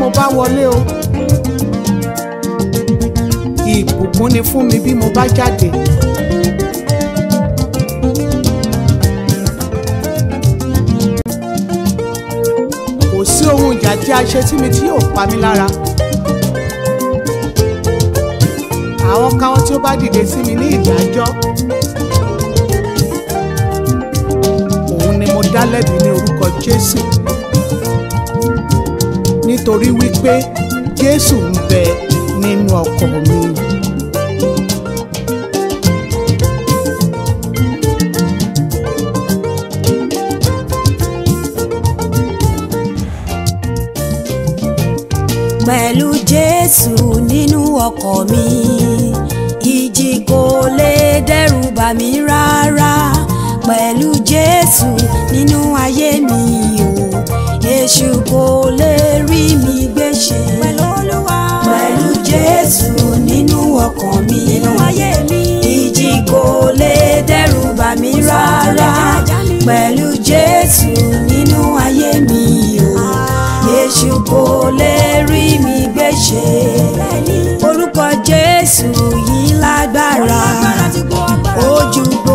mo bá wọlé o ìbùkún ni fún mi bí mo bá jáde. kò sí ohun ìjà tí a ṣe sí mi tí yóò pa mí lára. àwọn káwọn tí ó bá dìde sí mi ní ìdájọ́. òun ni mo dá lẹ́bi ní orúkọ Jésù nítorí wípé Jésù ń bẹ nínú ọkọ mi. pẹ̀lú Jésù nínú ọkọ̀ mi ìjì kò lè dẹ́rù bà mí rárá pẹ̀lú Jésù nínú ayé mi o èṣù kò lè orí mi gbé ṣe. pẹ̀lú olúwa. pẹ̀lú jésù nínú ọkàn mi. nínú ayé mi. ìjì kò lè dẹ́rù bà mí rárá. pẹ̀lú jésù nínú ayé mi o. Ah. èṣù kò lè rí mi gbé ṣe. orúkọ jésù yìí lágbára. ó bọ́.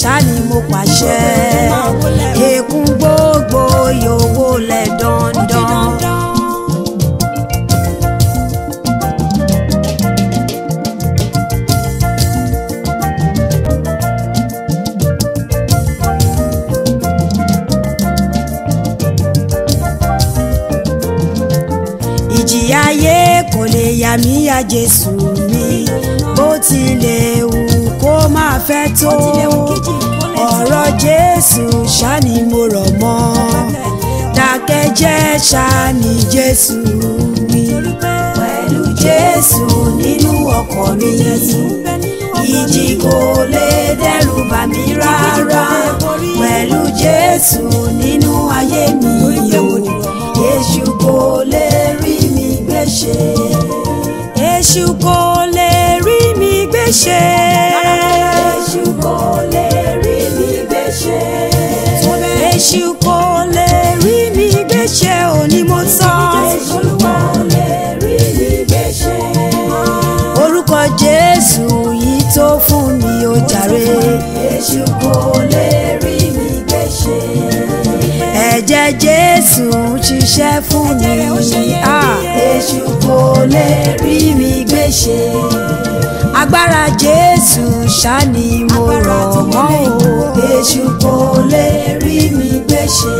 ṣáni mo pàṣẹ èkún gbogbo yòówó lẹ̀ dandan. ìjìyà ayé kò lè yà mí ya Jésù mi bó tilẹ̀ wù kó máa fẹ́ tó ọ̀rọ̀ Jésù ṣáni mo rọ̀ mọ́ dákẹ́jẹ́ ṣáni Jésù mi pẹ̀lú Jésù nínú ọkọ̀ mi ìjì kò lè dẹ́rù bà mí rárá pẹ̀lú Jésù nínú ayé mi yòó kò lè rí mi gbéṣẹ́. Èṣù kò lè rí mi gbéṣẹ́. jésù kò lè rí mi gbéṣẹ́ òní mo sọ. orúkọ jésù yìí tó fún mi ó jàre. jésù lè rí mi gbéṣẹ́. ẹ̀jẹ̀ jésù ń ṣiṣẹ́ fún mi. Ah. jésù kò lè rí mi gbéṣẹ́. agbára jésù ṣáà ni mo rọ̀ mọ́ o èṣù kò lè rí mi gbèsè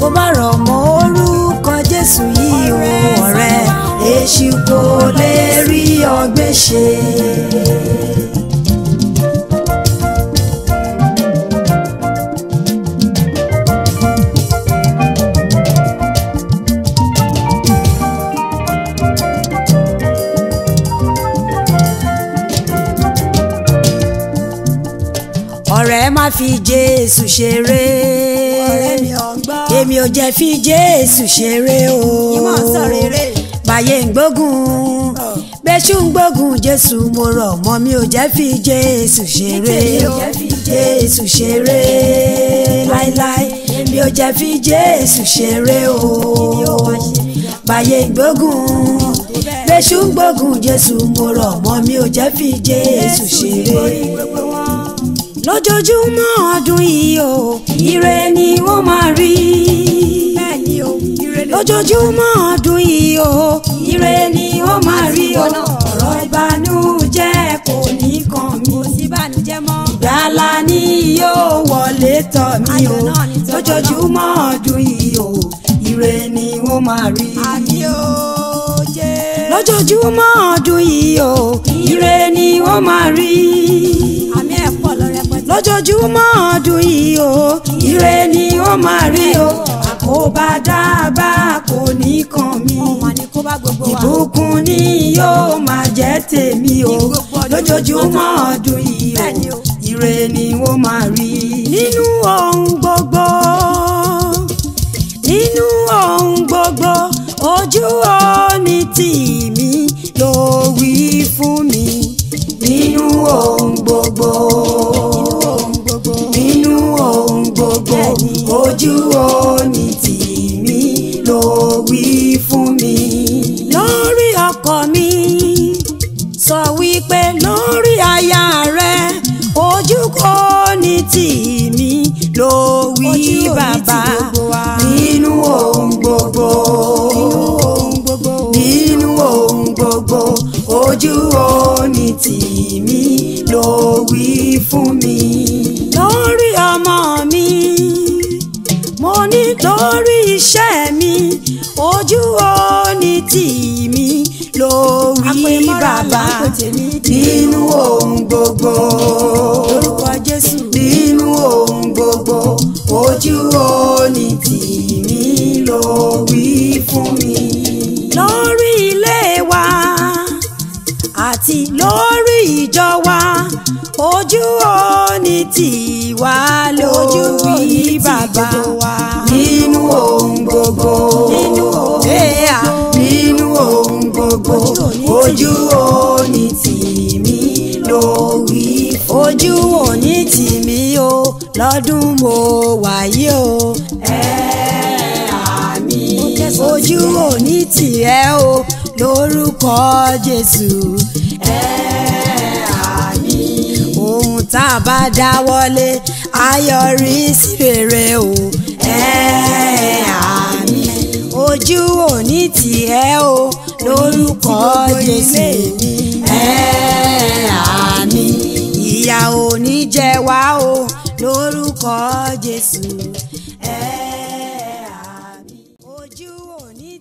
tó bá rọ̀ mọ́ orúkọ Jésù yìí wò ọ̀rẹ́ èṣù lè rí ọ ọ̀rẹ́ má fi jésù ṣeré èmi ò jẹ́ fi jésù ṣeré o báyé ń gbógun bẹ́ṣù ń gbógun jésù mo rọ̀ mọ́ mi ò jẹ́ fi jésù ṣeré jésù ṣeré láíláí èmi ò jẹ́ fi jésù ṣeré o báyé ń gbógun bẹ́ṣù ń gbógun jésù mo rọ̀ mọ́ mi ò jẹ́ fi jésù ṣeré lójoojúmọ́ ọdún yìí o ire ni wọ́n máa rí. o ire ni. lójoojúmọ́ ọdún yìí o ire ni wọ́n máa rí o. ọ̀rọ̀ ìbànújẹ́ kò ní kàn mí. kò sí ìbànújẹ́ mọ́. ìgbàlà ni yóò wọlé tọ̀ mí o lójoojúmọ́ ọdún yìí o ire ni wọ́n máa rí. o jẹ́. lójoojúmọ́ ọdún yìí o ire ni wọ́n máa rí ojoojúmọ́ ọdún yìí o ire ni ó máa rí o àkóbá dábàá kò ní kàn mí ìbùkún ni yóò máa jẹ́ tèmi o lójoojúmọ́ ọdún yìí o ire ni ó máa rí. nínú ohun gbogbo nínú ohun gbogbo ojú ò ní tì bàbá nínú ohun gbogbo nínú ohun gbogbo ojú òní tìmí ló wí fún mi. lórí ọmọ mi mo ní lórí iṣẹ́ mi ojú òní tìmí ló wí bàbá nínú ohun gbogbo. ló wí fún mi. lórí ilé wa àti lórí ìjọ wa ojú òní tiwa lójú wí bàbá wa nínú ohun gbogbo nínú ohun gbogbo nínú ohun gbogbo ojú òní tìmí ló wí ojú òní tìmí o lọ́dún mo wáyé o. tiẹ̀ o lórúkọ Jésù. ẹ àmín. ohun tá a bá dáwọ́lé á yọrí sí rere o. ẹ àmín. ojú ò ní tiẹ̀ o lórúkọ Jésù. ẹ àmín. ìyà ò ní jẹ wá o lórúkọ Jésù.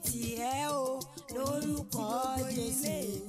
tì ẹ́ o lórúkọ Jésù.